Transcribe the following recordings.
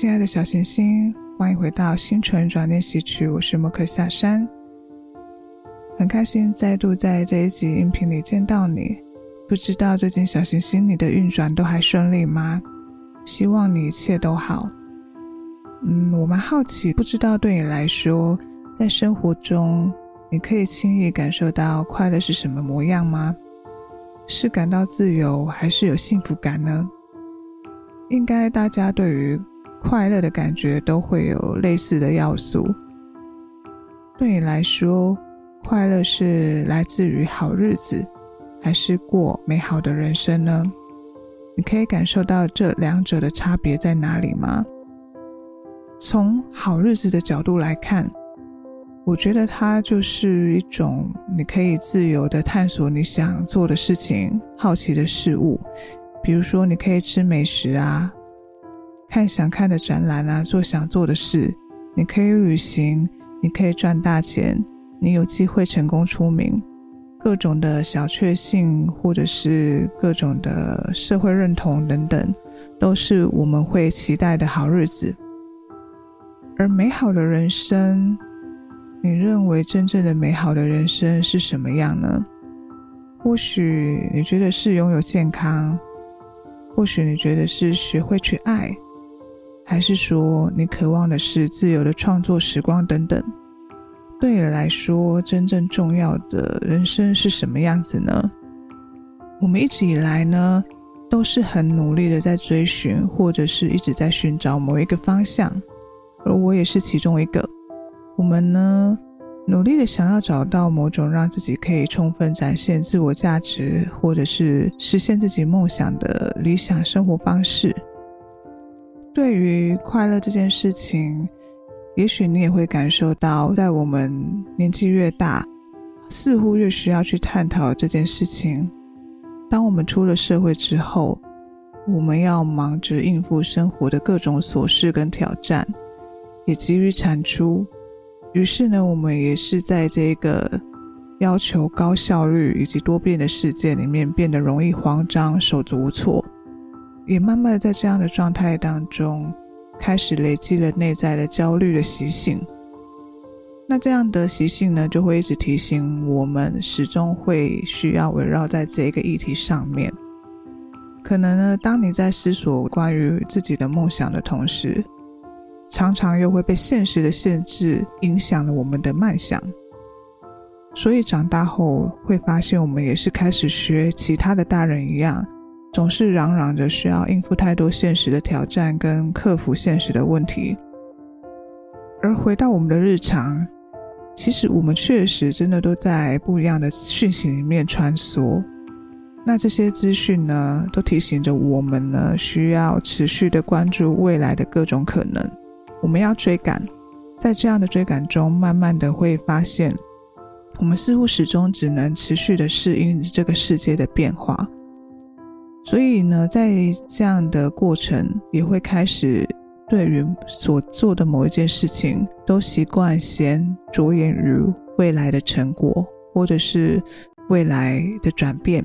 親愛的小行星，歡迎回到星辰轉練習曲。我是莫克夏山，很開心再度在這一集音頻裡見到你。不知道最近小行星你的運轉都還順利嗎？希望你一切都好。嗯，我蠻好奇，不知道對你來說，在生活中，你可以輕易感受到快樂是什麼模樣嗎？是感到自由，還是有幸福感呢？應該大家對於。快樂的感覺都會有類似的要素。對你來說，快樂是來自於好日子，還是過美好的人生呢？你可以感受到這兩者的差別在哪裡嗎？從好日子的角度來看，我覺得它就是一種你可以自由地探索你想做的事情、好奇的事物。比如說你可以吃美食啊。看想看的展覽啊，做想做的事，你可以旅行，你可以賺大錢，你有機會成功出名，各種的小確幸，或者是各種的社會認同等等，都是我們會期待的好日子。而美好的人生，你認為真正的美好的人生是什麼樣呢？或許你覺得是擁有健康，或許你覺得是學會去愛。還是說，你渴望的是自由的創作時光等等。對你來說，真正重要的人生是什麼樣子呢？我們一直以來呢，都是很努力的在追尋，或者是一直在尋找某一個方向。而我也是其中一個。我們呢，努力的想要找到某種讓自己可以充分展現自我價值，或者是實現自己夢想的理想生活方式。對於快樂這件事情，也許你也會感受到，在我們年紀越大，似乎越需要去探討這件事情。當我們出了社會之後，我們要忙着應付生活的各種瑣事跟挑戰，也急於產出。於是呢，我們也是在這個要求高效率以及多變的世界裡面，變得容易慌張、手足無措。也慢慢的在這樣的狀態當中，開始累積了內在的焦慮的習性。那這樣的習性呢，就會一直提醒我們，始終會需要圍繞在這一個議題上面。可能呢，當你在思索關於自己的夢想的同時，常常又會被現實的限制影響了我們的夢想。所以長大後會發現，我們也是開始學其他的大人一樣。總是嚷嚷着需要應付太多現實的挑戰跟克服現實的問題，而回到我們的日常，其實我們確實真的都在不一樣的訊息裡面穿梭。那這些資訊呢，都提醒着我們呢，需要持續的關注未來的各種可能。我們要追趕，在這樣的追趕中，慢慢的會發現，我們似乎始終只能持續的適應這個世界的變化。所以呢，在這樣的過程，也會開始對於所做的某一件事情，都習慣先着眼於未來的成果，或者是未來的轉變。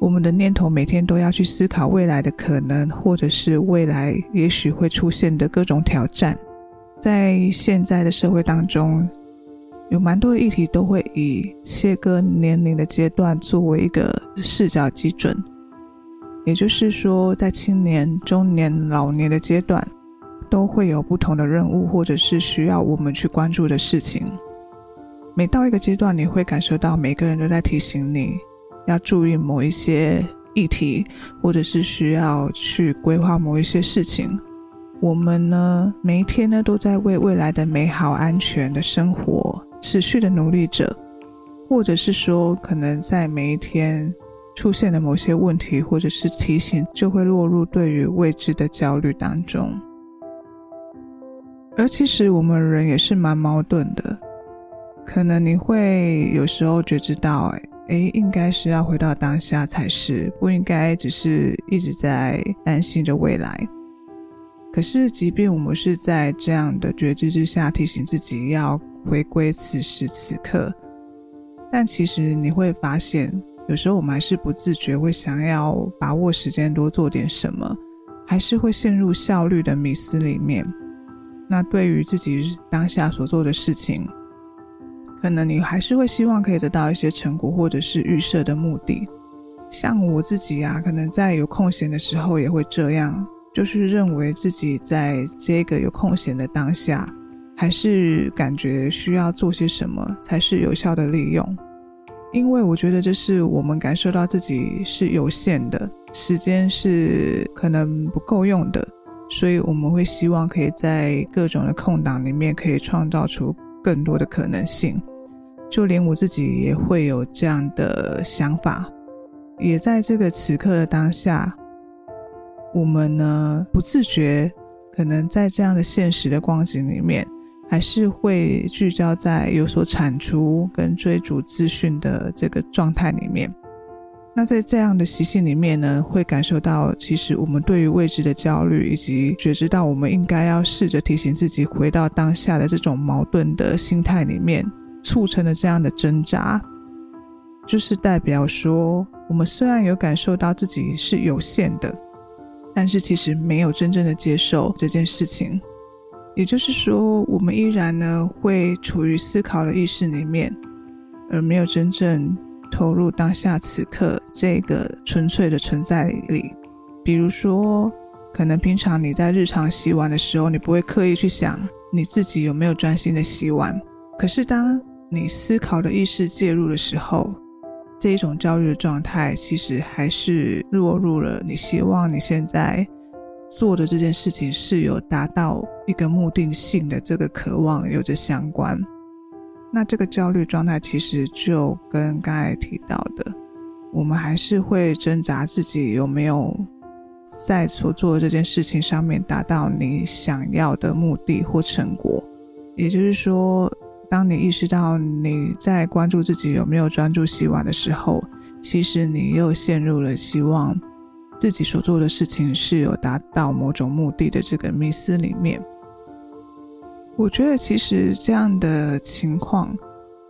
我們的念頭每天都要去思考未來的可能，或者是未來也許會出現的各種挑戰。在現在的社會當中，有蠻多的議題都會以切割年齡的階段作為一個視角基準。也就是說，在青年、中年、老年的階段，都會有不同的任務，或者是需要我們去關注的事情。每到一個階段，你會感受到每個人都在提醒你要注意某一些議題，或者是需要去規劃某一些事情。我們呢，每一天呢，都在為未來的美好、安全的生活持續的努力着，或者是說，可能在每一天。出現了某些問題，或者是提醒，就會落入對於未知的焦慮當中。而其實我們人也是蠻矛盾的，可能你會有時候覺知到，欸，應該是要回到當下才是，不應該只是一直在擔心着未來。可是，即便我們是在這樣的覺知之下提醒自己要回歸此時此刻，但其實你會發現，有時候我們還是不自覺會想要把握時間多做點什麼，還是會陷入效率的迷思裡面。那對於自己當下所做的事情，可能你還是會希望可以得到一些成果，或者是預設的目的。像我自己啊，可能在有空閒的時候也會這樣，就是認為自己在這個有空閒的當下，還是感覺需要做些什麼才是有效的利用。因為我覺得這是我們感受到自己是有限的，時間是可能不夠用的，所以我們會希望可以在各種的空檔裡面可以創造出更多的可能性。就連我自己也會有這樣的想法，也在這個此刻的當下，我們呢，不自覺可能在這樣的現實的光景裡面，還是會聚焦在有所產出跟追逐資訊的這個狀態裡面。那在這樣的習性裡面呢，會感受到其實我們對於未知的焦慮，以及覺知到我們應該要試着提醒自己回到當下的這種矛盾的心態裡面，促成了這樣的掙扎。就是代表說，我們雖然有感受到自己是有限的，但是其實沒有真正的接受這件事情。也就是說，我們依然呢會處於思考的意識裡面，而沒有真正投入當下此刻這個純粹的存在裡。比如說，可能平常你在日常洗碗的時候，你不會刻意去想你自己有沒有專心的洗碗。可是當你思考的意識介入的時候，這一種焦慮的狀態其實還是落入了你希望你現在。做的這件事情是有達到一個目的性的，這個渴望有着相關。那這個焦慮狀態其實就跟剛才提到的，我們還是會掙扎自己有沒有在所做的這件事情上面達到你想要的目的或成果。也就是說，當你意識到你在關注自己有沒有專注洗碗的時候，其實你又陷入了希望。自己所做的事情是有達到某種目的的這個迷思裡面，我覺得其實這樣的情況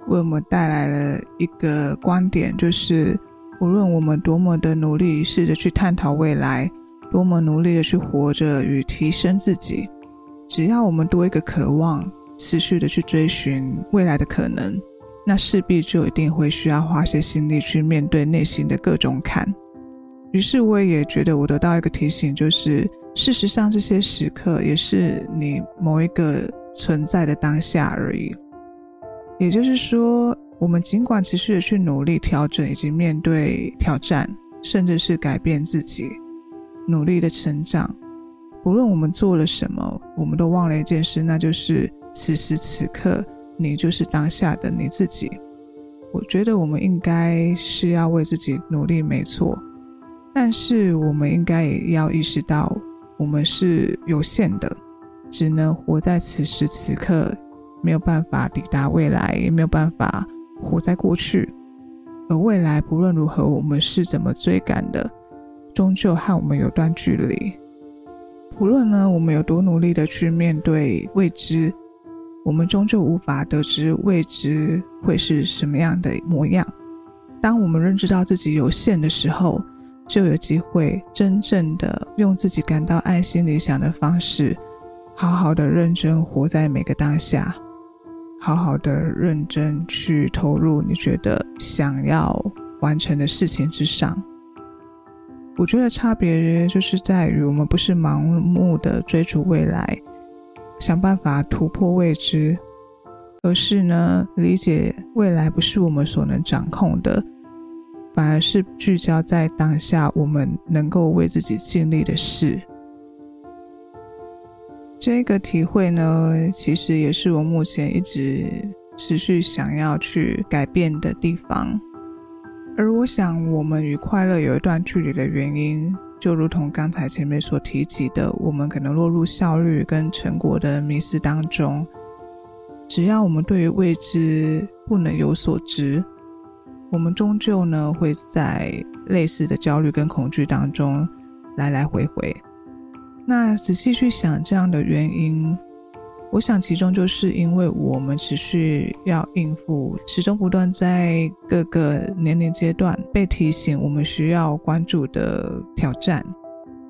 為我們帶來了一個觀點，就是無論我們多麼的努力，試着去探討未來，多麼努力的去活着與提升自己，只要我們多一個渴望，持續的去追尋未來的可能，那勢必就一定會需要花些心力去面對內心的各種坎。於是我也覺得我得到一個提醒，就是事實上這些時刻也是你某一個存在的當下而已。也就是說，我們儘管持續的去努力調整以及面對挑戰，甚至是改變自己，努力的成長。無論我們做了什麼，我們都忘了一件事，那就是此時此刻你就是當下的你自己。我覺得我們應該是要為自己努力，沒錯。但是，我們應該也要意識到，我們是有限的，只能活在此時此刻，沒有辦法抵達未來，也沒有辦法活在過去。而未來，不論如何，我們是怎麼追趕的，終究和我們有段距離。不論呢，我們有多努力的去面對未知，我們終究無法得知未知會是什麼樣的模樣。當我們認知到自己有限的時候，就有機會真正的用自己感到安心、理想的方式，好好的認真活在每個當下，好好的認真去投入你覺得想要完成的事情之上。我覺得差別就是在於，我們不是盲目的追逐未來，想辦法突破未知，而是呢，理解未來不是我們所能掌控的。反而是聚焦在當下，我們能夠為自己盡力的事。這個體會呢，其實也是我目前一直持續想要去改變的地方。而我想，我們與快樂有一段距離的原因，就如同剛才前面所提及的，我們可能落入效率跟成果的迷思當中，只要我們對於未知不能有所知，我們終究呢，會在類似的焦慮跟恐懼當中來來回回。那仔細去想這樣的原因，我想其中就是因為我們持續要應付，始終不斷在各個年齡階段被提醒，我們需要關注的挑戰，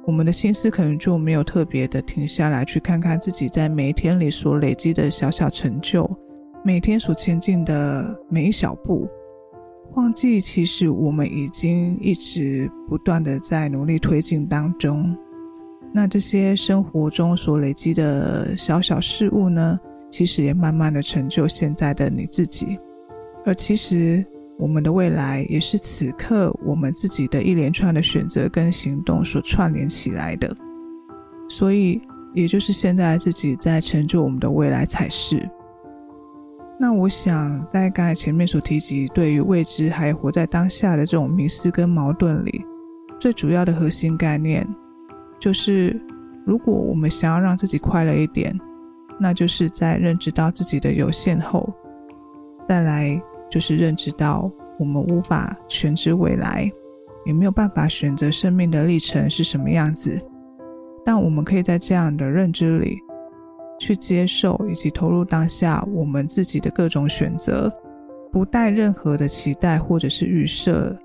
我們的心思可能就沒有特別的停下來去看看自己在每一天裡所累積的小小成就，每天所前進的每一小步，忘記，其實我們已經一直不斷的在努力推進當中。那這些生活中所累積的小小事物呢，其實也慢慢的成就現在的你自己。而其實我們的未來，也是此刻我們自己的一連串的選擇跟行動所串聯起來的。所以，也就是現在自己在成就我們的未來才是。那我想，在剛才前面所提及對於未知還活在當下的這種迷思跟矛盾裡，最主要的核心概念就是，如果我們想要讓自己快樂一點，那就是在認知到自己的有限後，再來就是認知到我們無法全知未來，也沒有辦法選擇生命的歷程是什麼樣子，但我們可以在這樣的認知裡。去接受以及投入當下我們自己的各種選擇，不帶任何的期待或者是預設，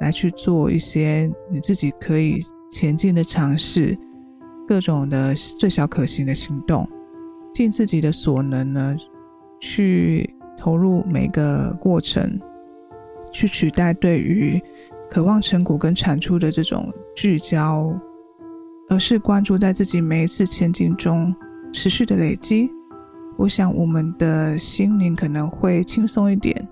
來去做一些你自己可以前進的嘗試，各種的最小可行的行動，盡自己的所能呢，去投入每一個過程，去取代對於渴望成果跟產出的這種聚焦，而是關注在自己每一次前進中。持續的累積，我想我們的心靈可能會輕鬆一點。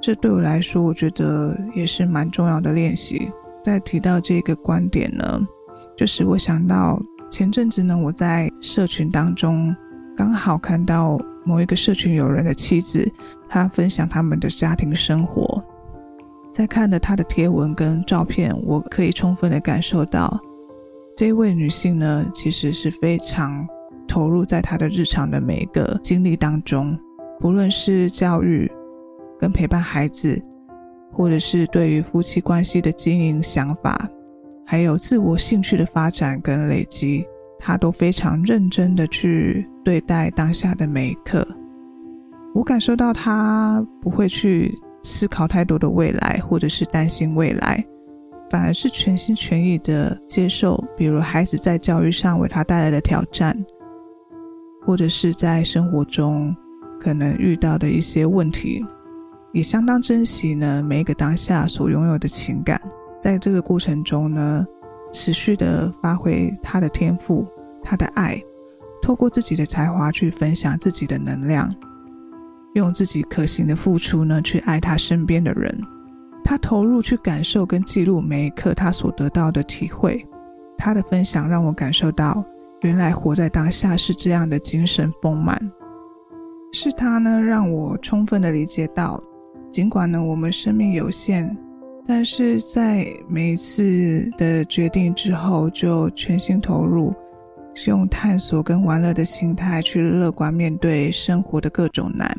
這對我來說，我覺得也是蠻重要的練習。再提到這個觀點呢，就是我想到前陣子呢，我在社群當中剛好看到某一個社群友人的妻子，他分享他們的家庭生活。在看了他的貼文跟照片，我可以充分的感受到，這一位女性呢，其實是非常。投入在他的日常的每一個經歷當中，不論是教育跟陪伴孩子，或者是對於夫妻關係的經營想法，還有自我興趣的發展跟累積，他都非常認真的去對待當下的每一刻。我感受到他不會去思考太多的未來，或者是擔心未來，反而是全心全意的接受，比如孩子在教育上為他帶來的挑戰。或者是在生活中可能遇到的一些問題，也相當珍惜呢，每一個當下所擁有的情感。在這個過程中呢，持續的發揮他的天賦，他的愛，透過自己的才華去分享自己的能量，用自己可行的付出呢，去愛他身邊的人。他投入去感受跟記錄每一刻他所得到的體會。他的分享讓我感受到。原來活在當下是這樣的精神豐滿，是他呢讓我充分的理解到，儘管呢我們生命有限，但是在每一次的決定之後就全心投入，是用探索跟玩樂的心態去樂觀面對生活的各種難，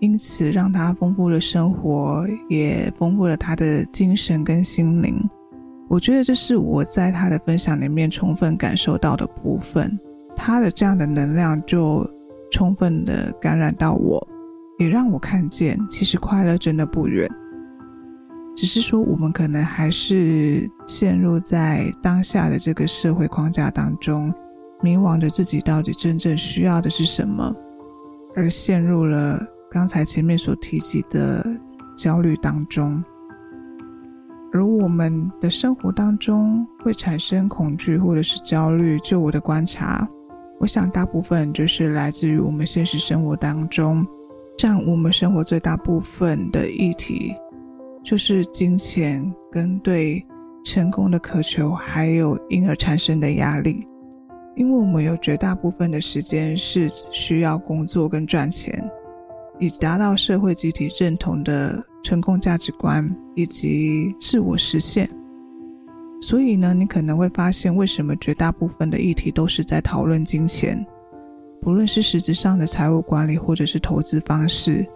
因此讓他豐富了生活，也豐富了他的精神跟心靈。我覺得這是我在他的分享裡面充分感受到的部分，他的這樣的能量就充分的感染到我，也讓我看見，其實快樂真的不遠，只是說我們可能還是陷入在當下的這個社會框架當中，迷惘着自己到底真正需要的是什麼，而陷入了剛才前面所提及的焦慮當中。而我們的生活當中會產生恐懼或者是焦慮，就我的觀察，我想大部分就是來自於我們現實生活當中，佔我們生活最大部分的議題，就是金錢跟對成功的渴求，還有因而產生的壓力，因為我們有絕大部分的時間是需要工作跟賺錢。以達到社會集體認同的成功價值觀以及自我實現。所以呢，你可能會發現，為什麼絕大部分的議題都是在討論金錢？不論是實質上的財務管理，或者是投資方式，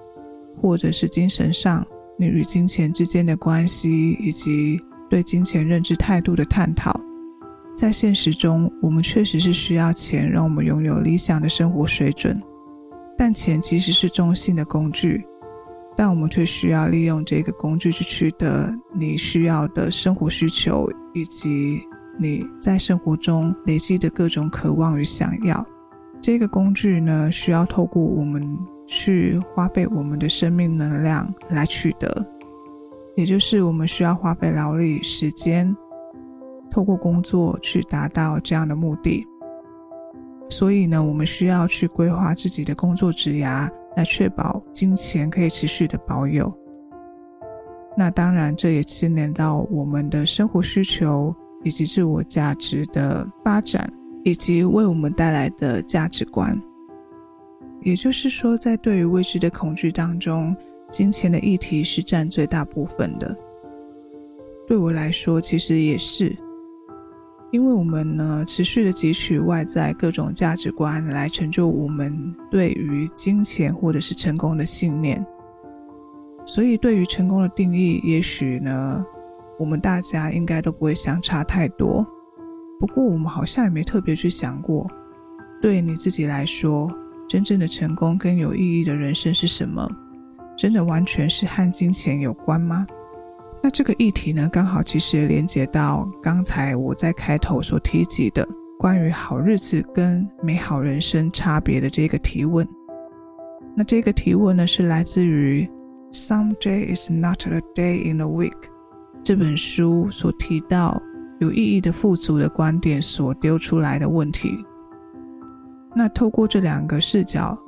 或者是精神上，你與金錢之間的關係，以及對金錢認知態度的探討。在現實中，我們確實是需要錢，讓我們擁有理想的生活水準。但錢其實是中性的工具，但我們卻需要利用這個工具去取得你需要的生活需求，以及你在生活中累積的各種渴望與想要。這個工具呢，需要透過我們去花費我們的生命能量來取得，也就是我們需要花費勞力、時間，透過工作去達到這樣的目的。所以呢，我們需要去規劃自己的工作職涯，來確保金錢可以持續的保有。那當然，這也牽連到我們的生活需求以及自我價值的發展，以及為我們帶來的價值觀。也就是說，在對於未知的恐懼當中，金錢的議題是佔最大部分的。對我來說，其實也是。因為我們呢，持續的汲取外在各種價值觀來成就我們對於金錢或者是成功的信念，所以對於成功的定義，也許呢，我們大家應該都不會相差太多。不過，我們好像也沒特別去想過，對你自己來說，真正的成功跟有意義的人生是什麼？真的完全是和金錢有關嗎？那這個議題呢，剛好其實也連接到剛才我在開頭所提及的關於好日子跟美好人生差別的這個提問。那這個提問呢，是來自於《Some Day Is Not a Day in the Week》這本書所提到有意義的富足的觀點所丟出來的問題。那透過這兩個視角，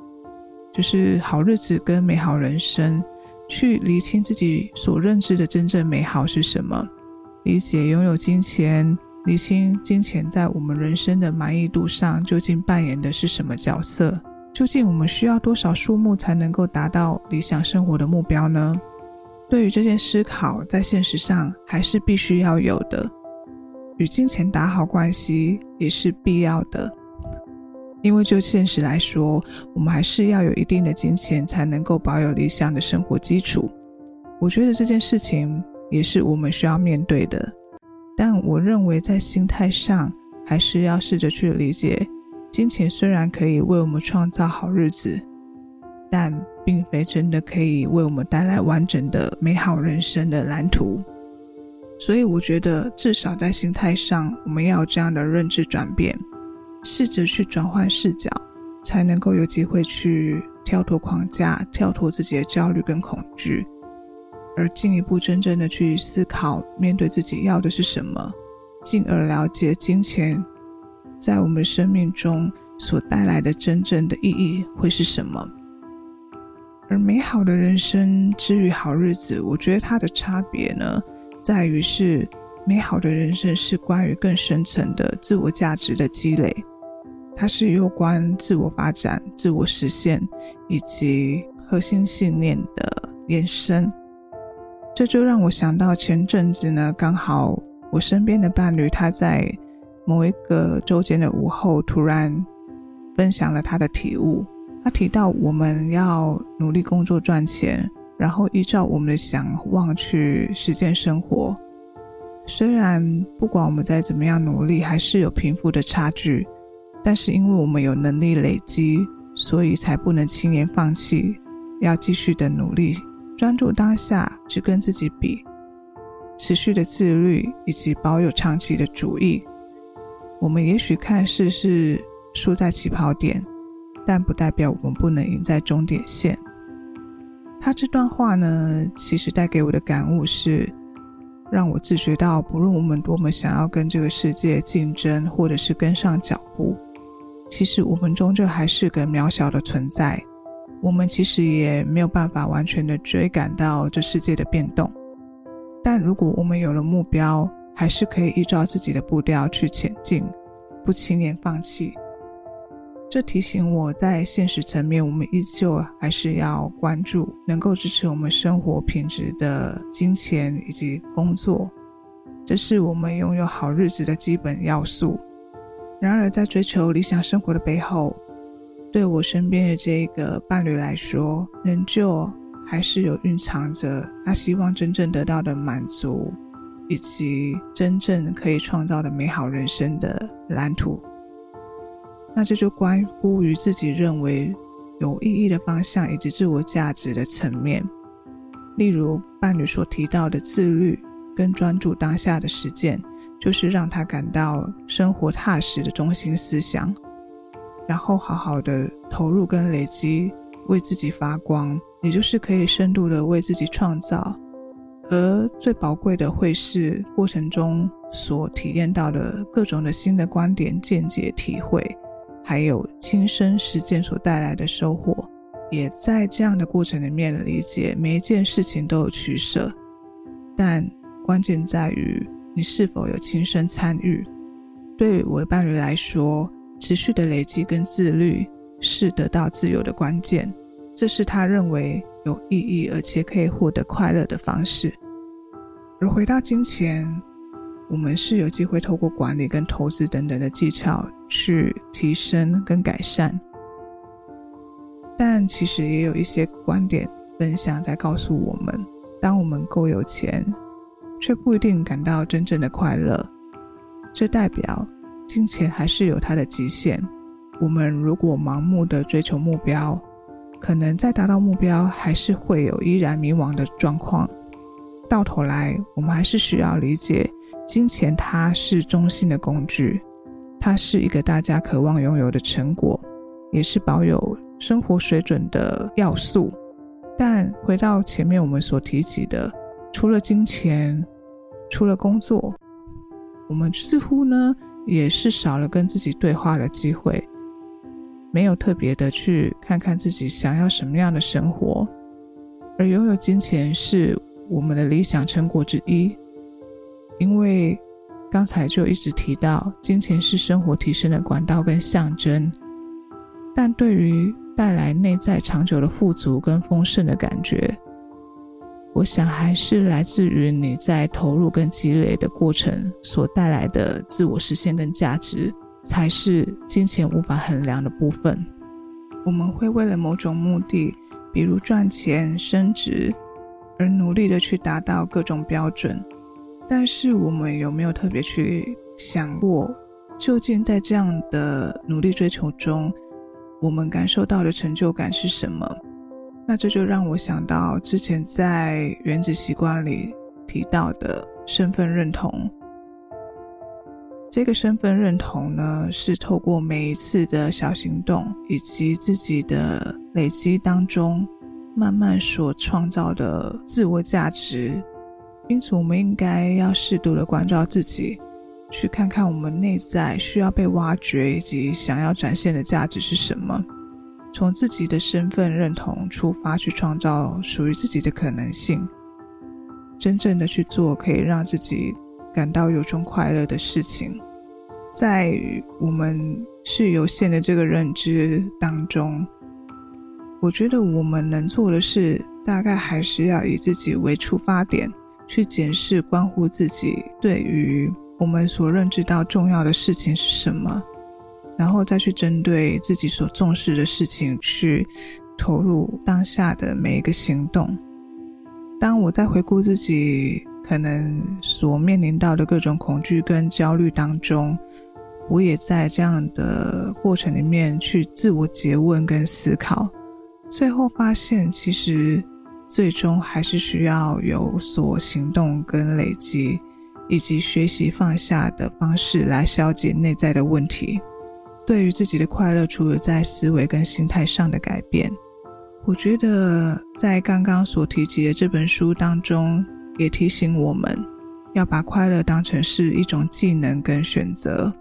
就是好日子跟美好人生。去釐清自己所認知的真正美好是什麼，理解擁有金錢，釐清金錢在我們人生的滿意度上究竟扮演的是什麼角色，究竟我們需要多少數目才能夠達到理想生活的目標呢？對於這件思考，在現實上還是必須要有的，與金錢打好關係也是必要的。因為就現實來說，我們還是要有一定的金錢才能夠保有理想的生活基礎。我覺得這件事情也是我們需要面對的。但我認為在心態上，還是要試着去理解，金錢雖然可以為我們創造好日子，但並非真的可以為我們帶來完整的美好人生的藍圖。所以，我覺得至少在心態上，我們要有這樣的認知轉變。試着去轉換視角，才能夠有機會去跳脫框架，跳脫自己的焦慮跟恐懼，而進一步真正的去思考面對自己要的是什麼，進而了解金錢在我們生命中所帶來的真正的意義會是什麼。而美好的人生之於好日子，我覺得它的差別呢，在於是美好的人生是關於更深層的自我價值的積累。它是有關自我發展、自我實現以及核心信念的延伸。這就讓我想到前陣子呢，剛好我身邊的伴侶他在某一個周間的午後，突然分享了他的體悟。他提到，我們要努力工作賺錢，然後依照我們的想望去實踐生活。雖然不管我們再怎麼樣努力，還是有貧富的差距。但是，因為我們有能力累積，所以才不能輕言放棄，要繼續的努力，專注當下，去跟自己比，持續的自律，以及保有長期的主義。我們也許看似是輸在起跑點，但不代表我們不能贏在終點線。他這段話呢，其實帶給我的感悟是，讓我自覺到，不論我們多麼想要跟這個世界競爭，或者是跟上腳步。其實我們終究還是個渺小的存在，我們其實也沒有辦法完全的追趕到這世界的變動。但如果我們有了目標，還是可以依照自己的步調去前進，不輕言放棄。這提醒我在現實層面，我們依舊還是要關注能夠支持我們生活品質的金錢以及工作，這是我們擁有好日子的基本要素。然而，在追求理想生活的背後，對我身邊的這個伴侶來說，仍舊還是有蘊藏着他希望真正得到的滿足，以及真正可以創造的美好人生的藍圖。那這就關乎於自己認為有意義的方向以及自我價值的層面，例如伴侶所提到的自律跟專注當下的實踐。就是讓他感到生活踏實的中心思想，然後好好的投入跟累積，為自己發光，也就是可以深度的為自己創造。而最寶貴的會是過程中所體驗到的各種的新的觀點、見解、體會，還有親身實踐所帶來的收穫。也在這樣的過程裡面理解每一件事情都有取捨，但關鍵在於。你是否有親身參與？對於我的伴侶來說，持續的累積跟自律是得到自由的關鍵，這是他認為有意義而且可以獲得快樂的方式。而回到金錢，我們是有機會透過管理跟投資等等的技巧去提升跟改善，但其實也有一些觀點分享在告訴我們：當我們夠有錢。卻不一定感到真正的快樂，這代表金錢還是有它的極限。我們如果盲目的追求目標，可能在達到目標還是會有依然迷惘的狀況。到頭來，我們還是需要理解，金錢它是中性的工具，它是一個大家渴望擁有的成果，也是保有生活水準的要素。但回到前面我們所提及的。除了金錢，除了工作，我們似乎呢也是少了跟自己對話的機會，沒有特別的去看看自己想要什麼樣的生活。而擁有金錢是我們的理想成果之一，因為剛才就一直提到，金錢是生活提升的管道跟象徵，但對於帶來內在長久的富足跟豐盛的感覺。我想，還是來自於你在投入跟積累的過程所帶來的自我實現跟價值，才是金錢無法衡量的部分。我們會為了某種目的，比如賺錢、升職，而努力的去達到各種標準，但是我們有沒有特別去想過，究竟在這樣的努力追求中，我們感受到的成就感是什麼？那這就讓我想到之前在《原子習慣》裡提到的身份認同。這個身份認同呢，是透過每一次的小行動以及自己的累積當中，慢慢所創造的自我價值。因此，我們應該要適度的關照自己，去看看我們內在需要被挖掘以及想要展現的價值是什麼。從自己的身份認同出發，去創造屬於自己的可能性，真正的去做可以讓自己感到有種快樂的事情。在我們是有限的這個認知當中，我覺得我們能做的事，大概還是要以自己為出發點，去檢視關乎自己對於我們所認知到重要的事情是什麼。然後再去針對自己所重視的事情去投入當下的每一個行動。當我在回顧自己可能所面臨到的各種恐懼跟焦慮當中，我也在這樣的過程裡面去自我詰問跟思考，最後發現，其實最終還是需要有所行動跟累積，以及學習放下的方式來消解內在的問題。對於自己的快樂，除了在思維跟心態上的改變，我覺得在剛剛所提及的這本書當中，也提醒我們要把快樂當成是一種技能跟選擇。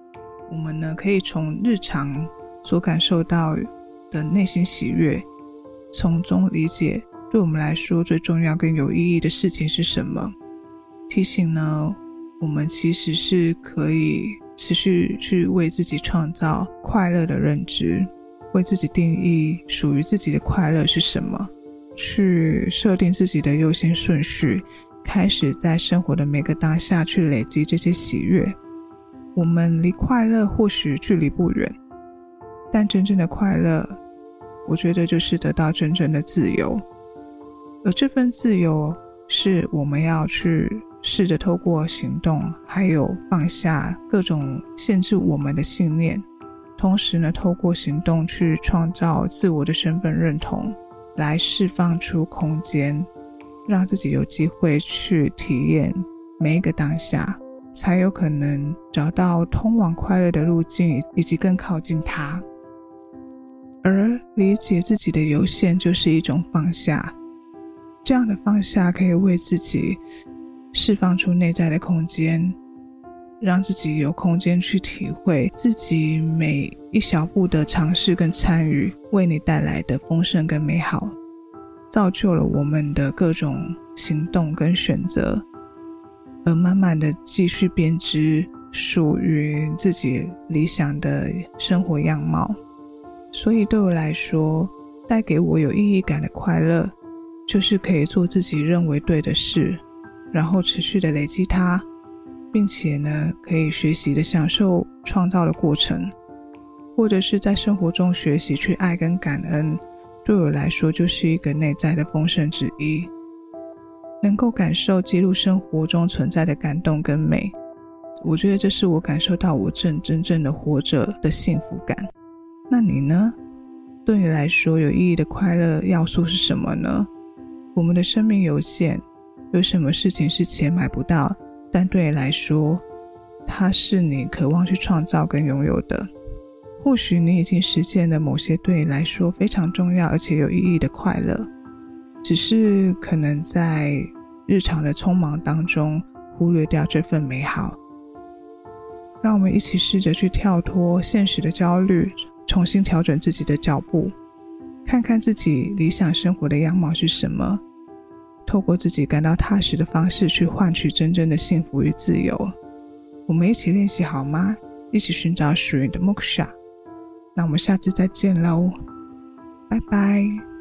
我們呢，可以從日常所感受到的內心喜悅，從中理解對我們來說最重要跟有意義的事情是什麼。提醒呢，我們其實是可以。持續去為自己創造快樂的認知，為自己定義屬於自己的快樂是什麼，去設定自己的優先順序，開始在生活的每個當下去累積這些喜悅。我們離快樂或許距離不遠，但真正的快樂，我覺得就是得到真正的自由。而這份自由是我們要去。試着透過行動，還有放下各種限制我們的信念，同時呢，透過行動去創造自我的身份認同，來釋放出空間，讓自己有機會去體驗每一個當下，才有可能找到通往快樂的路徑，以及更靠近它。而理解自己的有限，就是一種放下。這樣的放下，可以為自己。釋放出內在的空間，讓自己有空間去體會自己每一小步的嘗試跟參與為你帶來的豐盛跟美好，造就了我們的各種行動跟選擇，而慢慢的繼續編織屬於自己理想的生活樣貌。所以對我來說，帶給我有意義感的快樂，就是可以做自己認為對的事。然後持續的累積它，並且呢，可以學習的享受創造的過程，或者是在生活中學習去愛跟感恩，對我來說就是一個內在的豐盛之一。能夠感受記錄生活中存在的感動跟美，我覺得這是我感受到我正真正的活着的幸福感。那你呢？對你來說有意義的快樂要素是什麼呢？我們的生命有限。有什麼事情是錢買不到，但對你來說，它是你渴望去創造跟擁有的？或許你已經實現了某些對你來說非常重要而且有意義的快樂，只是可能在日常的匆忙當中忽略掉這份美好。讓我們一起試着去跳脫現實的焦慮，重新調整自己的腳步，看看自己理想生活的樣貌是什麼。透過自己感到踏實的方式去換取真正的幸福與自由，我們一起練習好嗎？一起尋找屬於你的 Moksha。那我們下次再見嘍，拜拜。